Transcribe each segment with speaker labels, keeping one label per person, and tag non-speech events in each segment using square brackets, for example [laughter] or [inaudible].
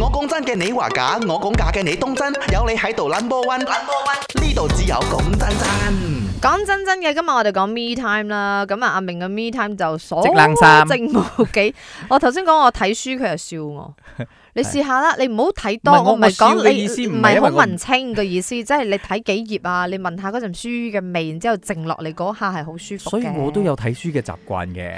Speaker 1: 我講真嘅，你話假；我講假嘅，你當真，你真。有你喺度 number one，number one 呢度只有講、no. 真真。講真真嘅，今日我哋講 me time 啦。咁啊，阿明嘅 me time 就所剩無幾。我頭先講我睇書，佢又笑我。 [laughs] 你試下啦，你唔好睇多 [laughs] 我。我唔係講你，意思，唔係好文青嘅意思，即係你睇幾頁啊？你聞下嗰陣書嘅味，然之後靜落嚟嗰下係好舒服嘅。所以我都有睇書嘅習慣嘅。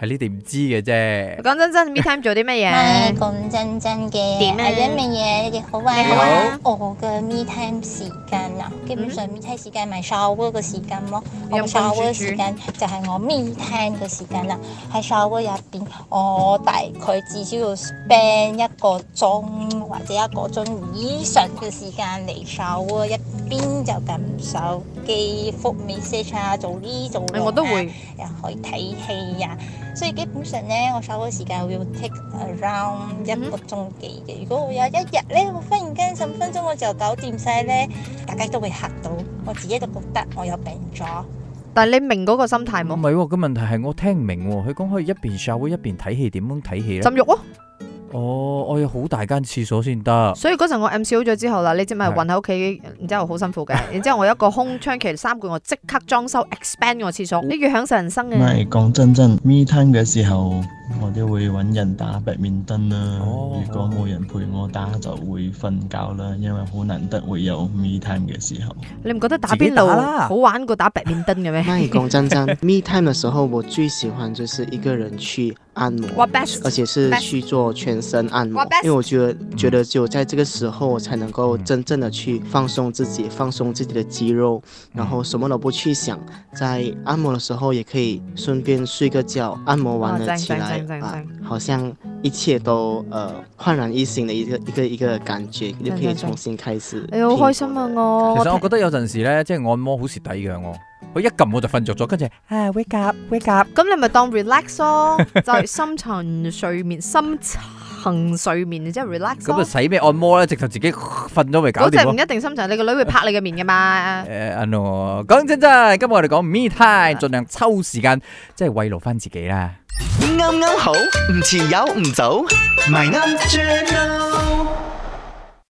Speaker 1: 係呢啲唔知嘅啫。講
Speaker 2: 真真 [laughs] ，me time 做啲乜嘢？咁真真嘅係啲乜嘢你哋好壞、啊、啦？好我嘅 me time 時間啊，基本上 me time 時間咪 shower 嘅時間咯。我 shower 嘅時間就係我 me time 嘅時間啦。喺 shower 入邊，我大概至少要 spend 一個鐘。.或者一個鐘以上嘅時間嚟手 [music] 啊，一邊就撳手機覆 message 啊，做呢做。係我都會，又可以睇戲啊，所以基本上咧，我手嘅時間會要 take around 一個鐘幾嘅。嗯、哼如果我有一日咧，我忽然間十五分鐘我就搞掂晒咧，大家都會嚇到，我自己都覺得我有病咗。
Speaker 1: 但係你明嗰個心態冇？唔係喎，個問題係我聽唔明喎，佢講可以一邊手啊一邊睇戲，點樣睇戲咧？浸浴咯，哦。哦，oh, 我要好大間廁所先得。所以嗰陣我 MC 好咗之後啦，你知咪運喺屋企，然之後好辛苦嘅。然之後我一個空窗期三個月我，我即刻裝修 expand 個廁所。你越享受人
Speaker 2: 生嘅。唔係講真真，Me Time 嘅時候。我都會揾人打白面燈啦，如果冇人陪我打就會瞓覺啦，因為好難得會有 Me Time 嘅時候。
Speaker 1: 你唔覺得打邊爐好玩過打白面燈嘅咩？咪講真真，Me Time 嘅時候我最喜歡就是一個人去按摩，的而且是去做全身按摩，的因為我覺得、嗯、覺得只有在這個時候我才能夠真正的去放鬆自己，放鬆自己的肌肉，然後什麼都不去想，在按摩的時候也可以順便睡個覺，按摩完咗起來。正正正啊，好像一切都，誒、呃，煥然一新的一個一個一個感覺，正正正就可以重新開始。你、哎、好開心啊我！其實我覺得有陣時咧，即係按摩好蝕底嘅我，一撳我就瞓着咗，跟住唉，啊，wake up，wake up，咁你咪當 relax 咯，就係深沉睡眠，深。行睡眠即係 relax 咁啊！使咩、嗯、按摩咧？直頭自己瞓咗咪搞掂咯！嗰陣唔一定心情，你個女會拍你嘅面噶嘛？
Speaker 2: 誒，啱啊！講真真，今日我哋講 Me Time，盡量抽時間即係慰勞翻自己啦。啱啱、嗯嗯、好，唔遲有，唔早，埋銀磚路。 [music]